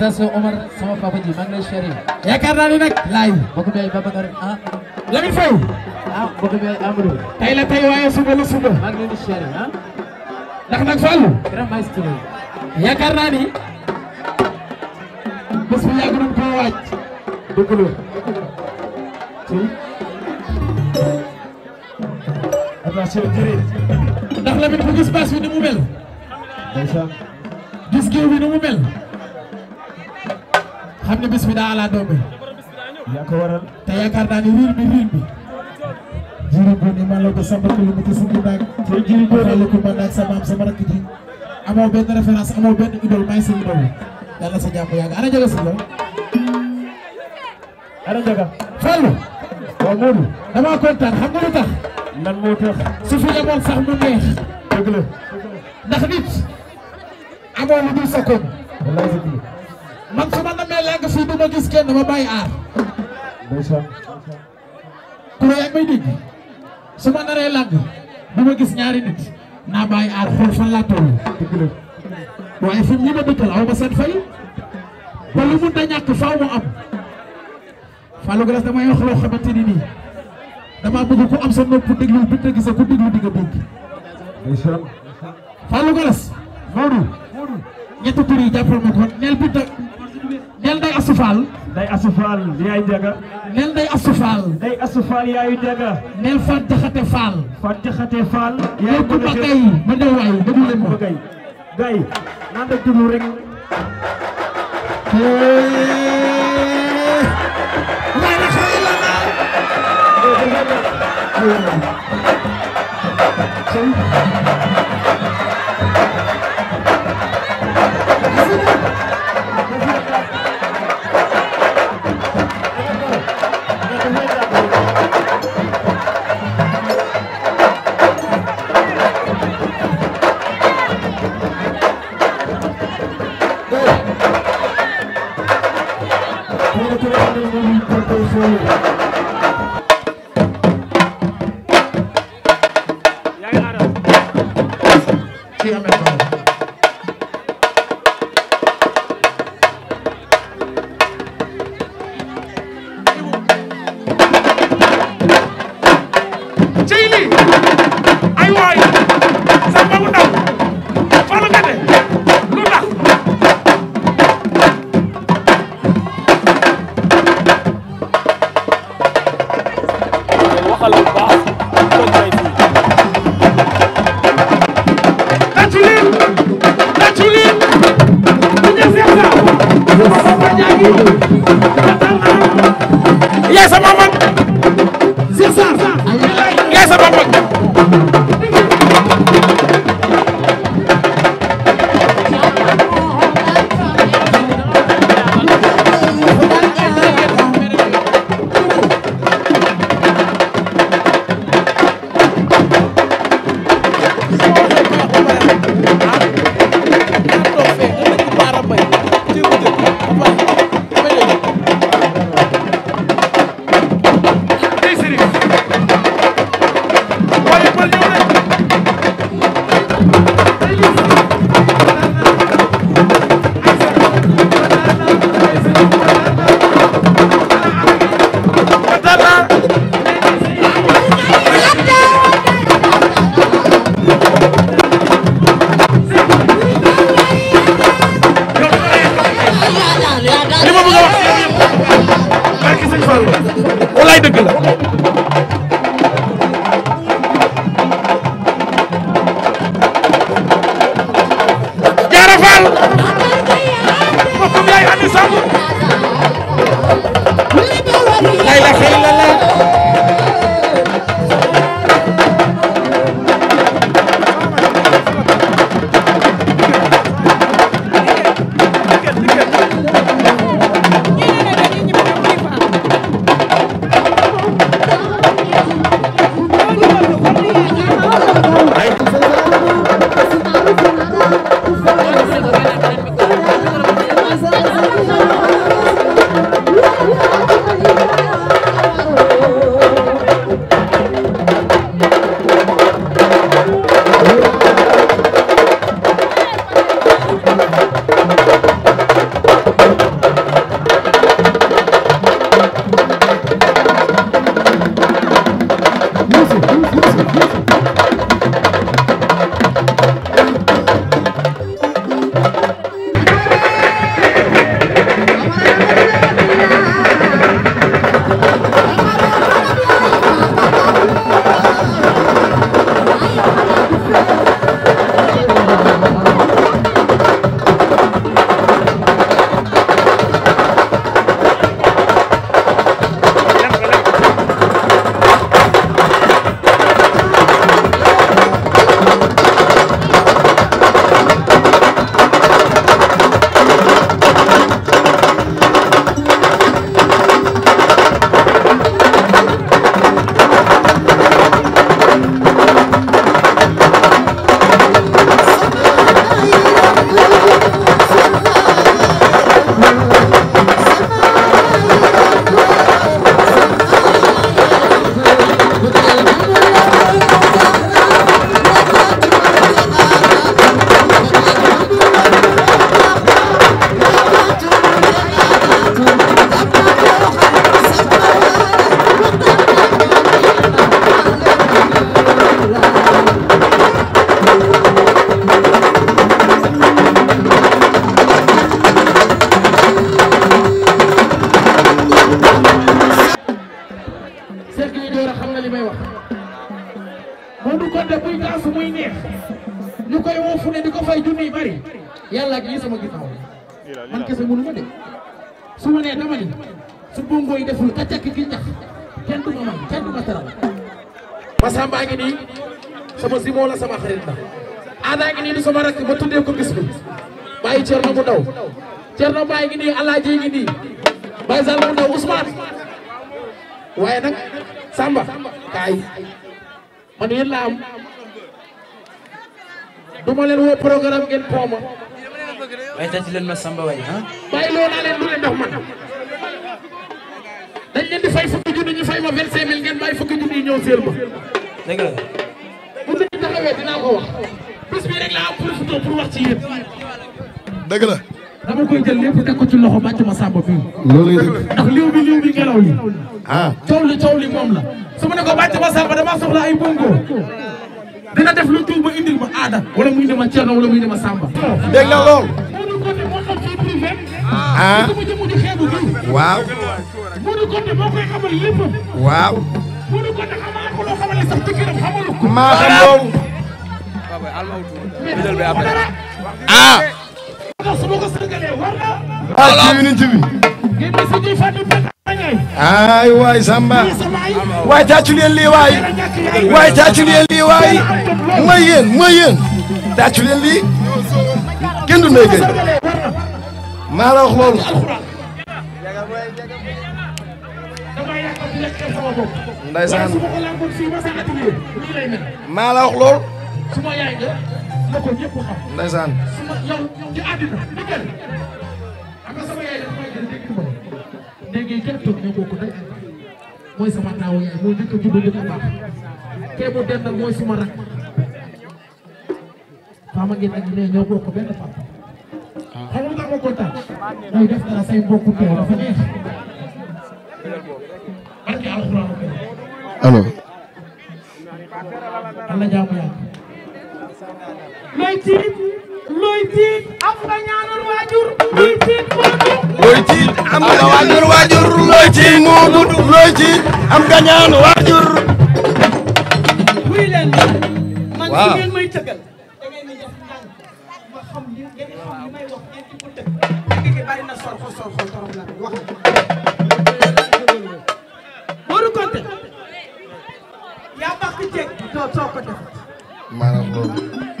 attention Omar sama papa ji maa ngi lay chéri. yaakaar naa ne nag. laay bëgg bi ay Babacar ah. Lamine Faye. ah bëgg bi ay Amadou. tey la tey waaye suba la suba. maa ngi leen di chéri ah. ndax nag Fallou. vraiment est ce que. yaakaar naa ni. bés bu yàgg nañ koo waaj. dëgg la. attention jërëjëf. ndax Lamine bu gis bâche bi ni mu mel. ndeysaan. gis géew bi ni mu mel. xamne ne bis bi daa ala doome yaa ko waral te yakar na ni rir bi rir bi jiri boni man la ko samba ko lu ko sunu dag te jiri bo la ko man dag sama am sama rak ji amo ben reference amo ben idole may sa idole yalla sa jàmm yàgg ara jega sunu ara jega fallu ko Modou dama kontaan xam nga lutax nan mo tax su fi demoon sax mu neex deug la ndax nit amo lu dul sokko wallahi man su ma demee léegi fii du gis kenn ma bàyyi aar. ndeysaan. kuréel yaa may dégg su ma naree làgg du gis ñaari nit naa bàyyi aar xool fan laa toll. dëgg fi mu ma aw ma seen fay. ba lu mun faaw mu am. ni bëgg am sa nopp bi di nga dégg. ndeysaan. Fallou Glass. Maodo. ñetti tur yi jàppal nel bi nel day asufaal. day asufaal yaayu jaga. nel day asufaal. day asufaal yaayu jaga. nel Fat Jaxate Faal. Fat Jaxate Faal. yaayu bëgg gay ma ne waay déglu leen ma gay gay naan da déglu rek. doxal bu baax toog may fii. tàccu leen tàccu leen bu ñu seet saa. sama papa ñaa ngi yow. yaay sama man ànd ak buy taasu muy neex ñu koy woo fu ne di ko fay junni bari yàlla ak sama ginnaaw man kese mënu ma de su ma nee dama ni su bongo yi deful ka cakk ki ñax kenn du man kenn du ma taral Massamba ngi nii sama simoo la sama xarit la Ada ngi nii di sama rakk ma tuddee ko bis bi bàyyi Cerno mu ndaw Cerno Baay ngi nii Alaaji ngi nii Baye Sall mu ndaw Ousmane waaye Samba kaay man yéen laa du ma leen woo programme ngeen pooma. waaye tati leen ma Samba waay ah. bàyyi loo naa leen du leen dox dañ leen di fay fukki junni ñu fay ma 25000 ngeen bàyyi fukki junni ñëw seel ma. dëgg la. bu nit ñi taxawee dinaa ko wax bés bi rek laa am pour pour wax ci yéen. dëgg la. dama koy jël lépp teg ko ci loxo bàcc ma sàmba fii. loolu yëpp ndax liw bi liw bi ah. coow li coow li moom la. su ma ne ko bàcc ma sàmba damaa soxla ay bongo. dina def lu tuub ma indil ma aada. wala muy ne ma Thierno wala muy ne ma Samba. dégg nga ah. waaw. waaw. tax su ma ko ah, ay waay Samba waay tàccu lii waay waay tàccu lii waay mooy yéen mooy lii kenn du may gëj maa na ko ñëpp xam. looy tiit looy am nga ñaanal waajur looy tiit moodu looy tiit am nga ñaanal am nga ñaan waajur wuy leen man si ngeen may tëggal da ngeen di def ndànk ma xam la wax Modou Konté yaa baax ci ceeb doo soo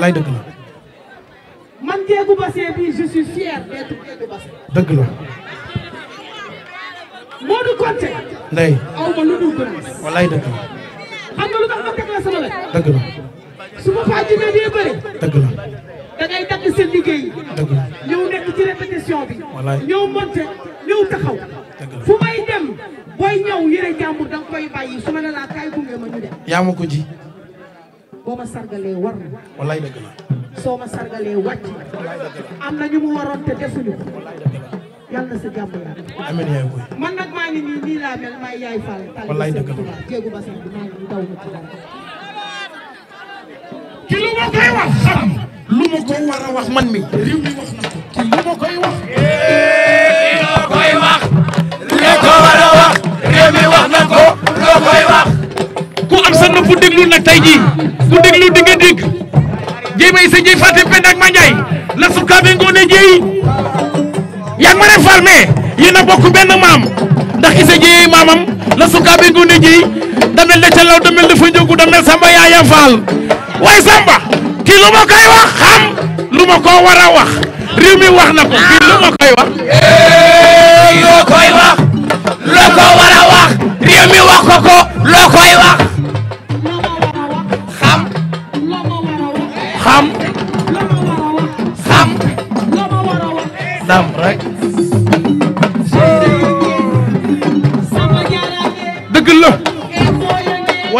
wallaay dëgg la. man ndey aw ma lu dul gën. wallaay dëgg la. xam ma teg la sama wet. dëgg la. su ma faa jëlee dee bëri. dëgg la. da ngay dagg seen liggéey. dëgg nekk ci répétition bi. wallaay ñëw monté ñëw taxaw. fu may dem booy ñëw yëre jàmbur da koy bàyyi su ma ne gunge ma ñu yaa ma ko ji. boo ma koy. man nag koy wax man mi. réew mi wax na ko. ci lu ma koy wax. loo koy wax. loo ko war mi wax na ko. koy wax. ku am sa nopp déglu nag tey jii ku déglu di nga dégg jéem a fàtte Penda ak Mandiaye la sukkandee ngoonee jéey yaa ngi ma ne Fall mais bokk benn maam ndax isa jéey maamam la sukkandee ngoonee jéey damel na ca law damel dafa njóogu yaayam Fall waaye Samba kii lu ma koy wax xam lu ma koo war a wax réew mi wax na ko kii lu ma koy wax. loo koy wax loo ko war a wax réew mi wax ko ko loo koy wax.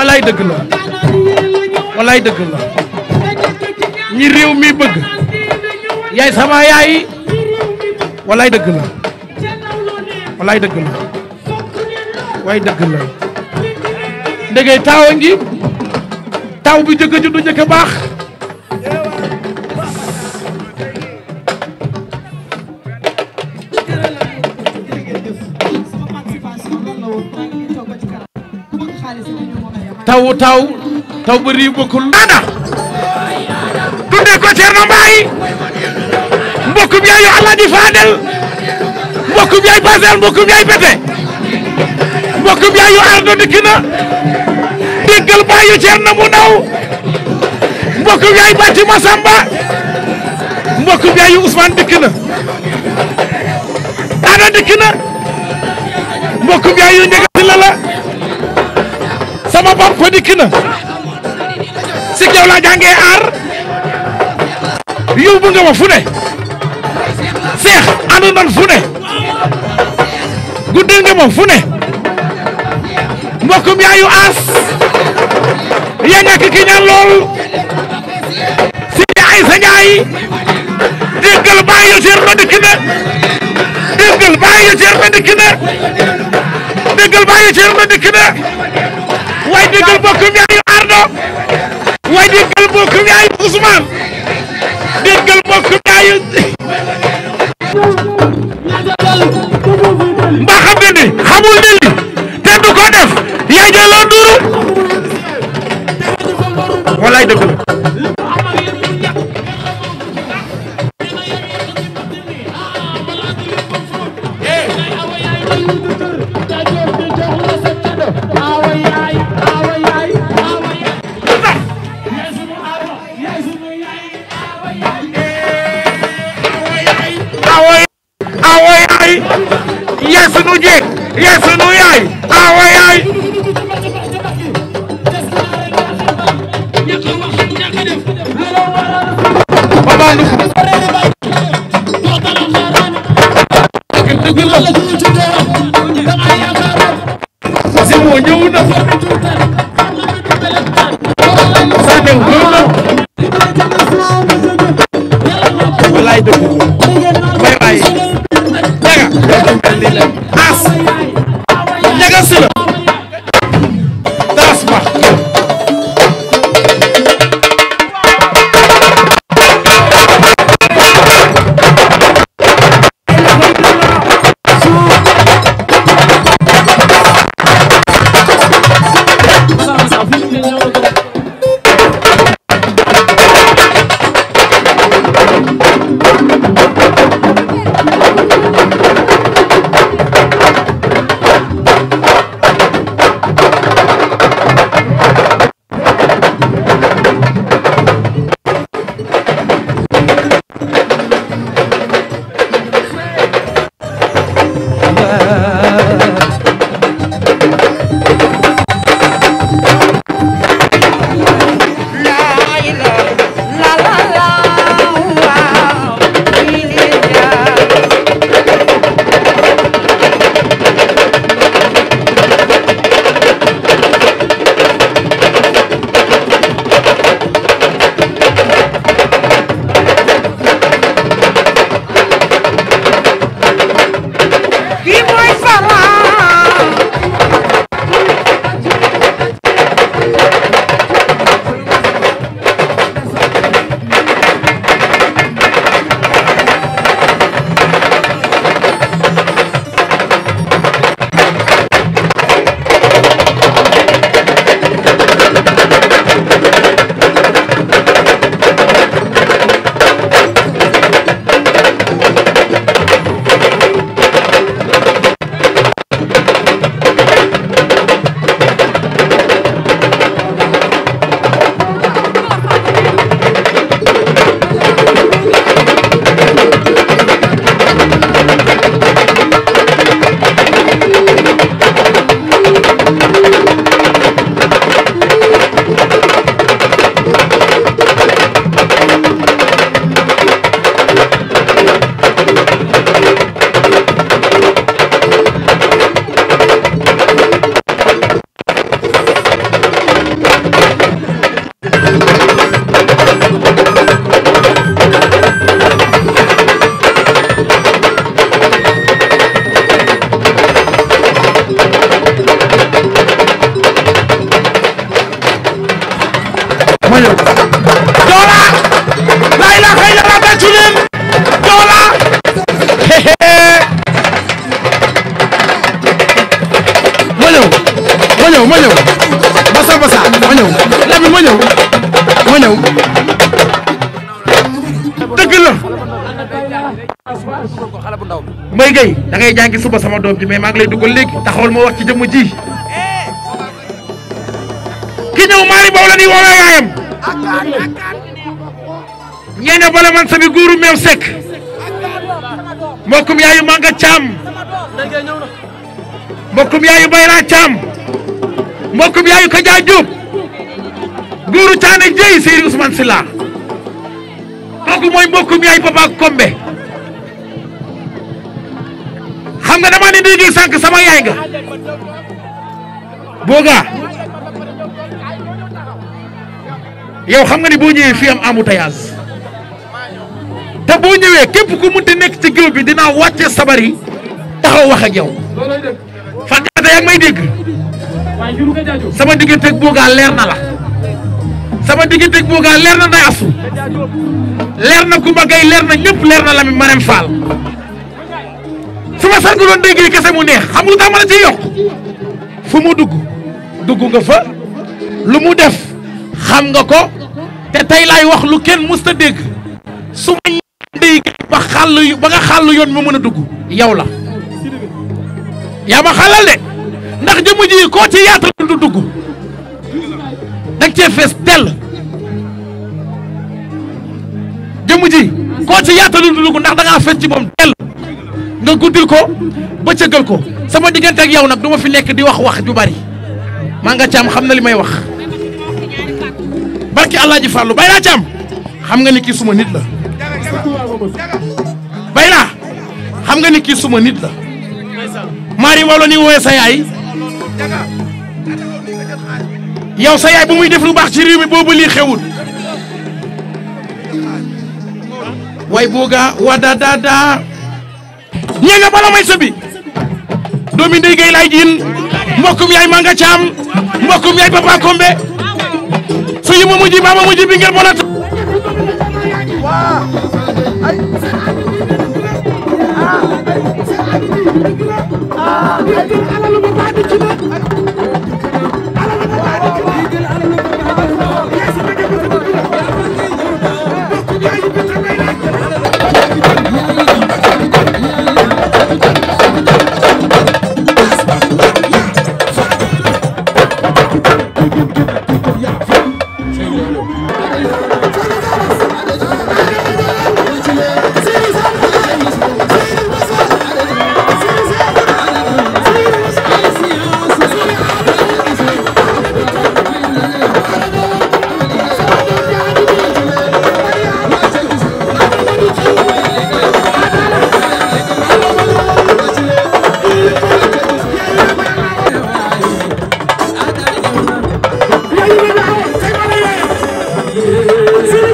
walaay dëgg la walaay dëgg la ñi réew mi bëgg yaay sama yaay walaay dëgg la walaay dëgg la waay dëgg la ndegey taawa ngi taw bi jëkk ju du jëkk baax taw taw taw ba riiw bokkul ana tudde ko Ceerno Mbaay mbokkum yaay Alaaji Faadel mbokkum yaay Basel mbokkum yaay Bete mbokkum yu ardo na mu ndaw mbokkum yaay Bati Masamba mbokkum yaay yu Ousmane dikk na ana dikk na boppam ko dikk si yow laa jàngee aar yóbbu nga ma fu seex ànd nan fu ne guddal ma fu ne yaayu aas yaa ñàkk ki ñaan si yaay sa njaay déggal bàyyi ceer ma dikk na déggal bàyyi ceer ma dikk na déggal bàyyi ceer ma dikk na déggal bokkam yaayu Ardo way déggal bokkam yaayu Ousmane déggal bokkam yaayu una! yo una Mbaye Gueye da ngay jàngi suba sama doom ji mais maa ngi lay dugal léegi taxawal ma wax ci jëmm ji ki ñëw maari boobu la ñuy woowee yaayam ñeene bala man sami guuru meew sekk mbokkum yaayu manga caam mbokkum yaayu bayra caam mbokkum yaayu kaja Diop guuru caane jëy Serigne Ousmane Sylla kooku mooy mbokkum yaayu papa Kombe xam nga dama ne sama yaay nga boogaa yow xam nga ni boo ñëwee fii am embouteillage te boo ñëwee képp ku munti nekk ci géew bi dinaa wàcce sabar yi taxaw wax ak yow fàtte yaa may dégg sama digganteeg boogaa leer na la sama digganteeg boogaa leer na day asu leer na Kumba Gay leer na ñëpp leer na Lamine Marème Fall su sangu sànq doon dégg yi mu neex xam nga lu tax ma la ciy yokk fu mu dugg dugg nga fa lu mu def xam nga ko te tay lay wax lu kenn musta ta suma ndey ma dégg ba xàll ba nga xal yon ma meuna a dugg yow la ya ma xalal de ndax jëmm ji ko ci yaatal du dugg danga cee fees dell jëmm ji ko ci yaatal du dugg ndax da nga fess ci mom tel nga guddil ko bëccëgal ko sama diggante ak yow nag du ma fi nekk di wax wax ju bari maa nga caam xam na li may wax barki Alaaji Fàllu bay laa caam xam nga ni kii suma nit la bay laa xam nga ni kii suma nit la maari wala ni wooye sa yaay yow sa yaay bu muy def lu baax ci réew mi boobu lii xewul way booga wadadada ñaga bala may sëbi doomi ndey gay lay jiin mbokkum yaay manga caam mbokkum yaay papa kombe suyu ma mujji baba mujji bonat Sim.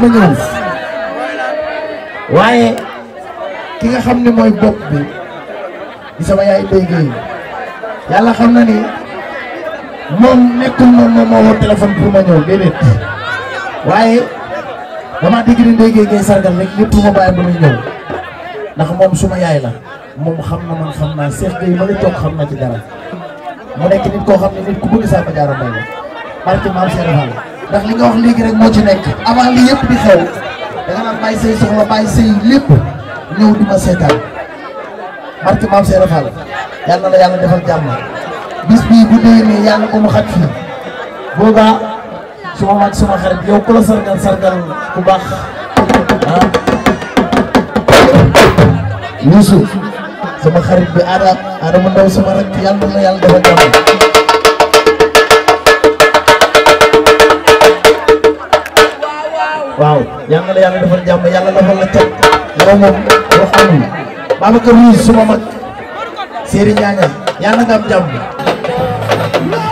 ma ñëw waaye ki nga xam ne mooy bi di sama yaay béykat yàlla xam na ni mom nekkul moom mo moo woo téléphone pour ma ñëw déedéet waaye dama dégg ni ndéygéey ngay sargal rek ñëpp ma bàyyi ba muy ndax moom suma yaay la moom xam man xam naa Cheikh Gueye ma la toog xam na ci dara mu nekk nit koo xam nit ku bëgg Samba Diarra Mbaye la Cheikh ndax li nga wax léegi rek moo ci nekk avant li yëpp di xew da nga naan bàyyi soxla bàyyi say lépp ñëw di ma seetaan barke maam Seydou Fall yal na la yàlla defal jàmm bis bii bu déwénee yàlla ko mu xat fii boobaa suma mag suma xarit yow ku la sargal sargal ku baax ah Youssou xarit bi Adama Adama Ndaw sama rak yal yàlla defal jàmm waaw yàlla la yàlla defal jàmm yàlla defal la cat yow moom wax amul Babacar Ruiz suma mag Serigne Niania yàlla nga am jàmm